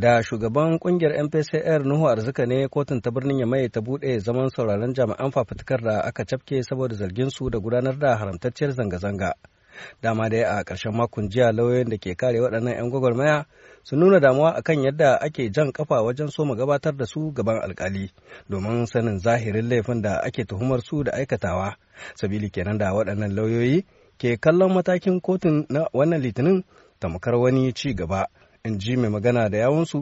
da shugaban kungiyar mpcr nuhu arzika ne kotun ta birnin ya mai ta bude zaman sauraron jami'an fafutukar da aka cafke saboda zargin su da gudanar da haramtacciyar zanga-zanga dama dai a ƙarshen makon jiya lauyoyin da ke kare waɗannan 'yan gwagwarmaya su nuna damuwa akan yadda ake jan kafa wajen soma gabatar da su gaban alkali domin sanin zahirin laifin da ake tuhumar su da aikatawa sabili kenan da waɗannan lauyoyi ke kallon matakin kotun na wannan litinin tamkar wani ci gaba in ji mai magana da yawunsu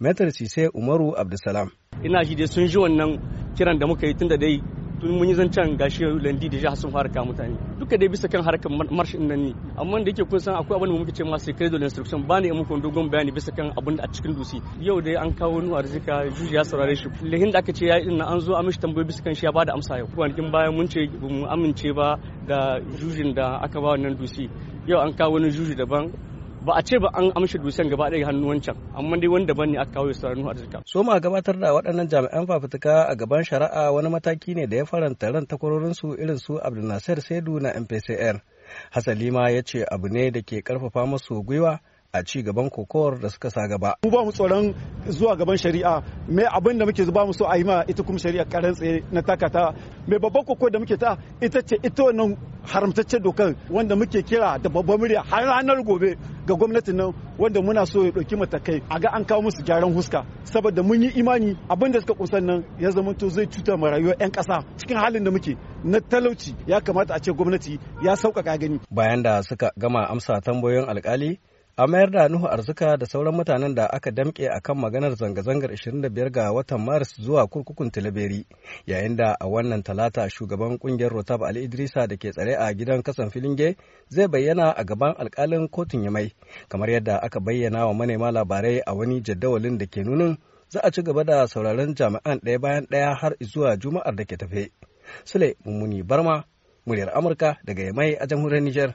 metar sisai umaru abdulsalam ina shi dai sun ji wannan kiran da muka yi tun da dai tun mun yi zancen gashi landi da jihar sun fara kawo mutane duka dai bisa kan harkar marshin nan ne amma da yake kun san akwai abin da muke ce masu kai da instruction ba ne muku dogon bayani bisa kan abin a cikin dusi yau dai an kawo nuwa arzika juji ya saurare shi lehin da aka ce ya din an zo a mishi tambayoyi bisa kan shi ya bada amsa yau kwanakin bayan mun ce mu amince ba da jujin da aka ba wannan dusi yau an kawo wani juji daban ba a ce ba an amshi dusan gaba ɗaya hannu wancan amma dai wani daban ne aka kawo su hannu a jirka. so gabatar da waɗannan jami'an fafutuka a gaban shari'a wani mataki ne da ya faranta ran takwarorin su irin su abdulnasir saidu na mpcr hasali ma ya ce abu ne da ke karfafa masu gwiwa a ci gaban kokowar da suka sa gaba. Mu ba mu tsoron zuwa gaban shari'a mai abin da muke ba mu so a yi ma ita kuma shari'a karan tsaye na takata mai babban koko da muke ta ita ce ita wannan haramtaccen dokar wanda muke kira da babban murya har ranar gobe ga gwamnatin nan wanda muna so ya ɗauki matakai a ga an kawo musu gyaran huska saboda mun yi imani abin da suka kusan nan ya zamanto zai cuta ma rayuwar 'yan ƙasa cikin halin da muke na talauci ya kamata a ce gwamnati ya sauƙaƙa gani bayan da suka gama amsa tambayoyin alƙali. a mayar da Nuhu Arzuka da sauran mutanen da aka damƙe a kan maganar zanga-zangar 25 ga watan Maris zuwa kurkukun Tilaberi, yayin da a wannan talata shugaban ƙungiyar Rotab Ali Idrisa da ke tsare a gidan kasan Filinge zai bayyana a gaban alkalin kotun Yamai, kamar yadda aka bayyana wa manema labarai a wani jadawalin da ke nunin za a ci gaba da sauraron jami'an ɗaya bayan ɗaya har zuwa Juma'ar da ke tafe. Sule Mummuni Barma, muryar Amurka daga Yamai a jamhuriyar Nijar.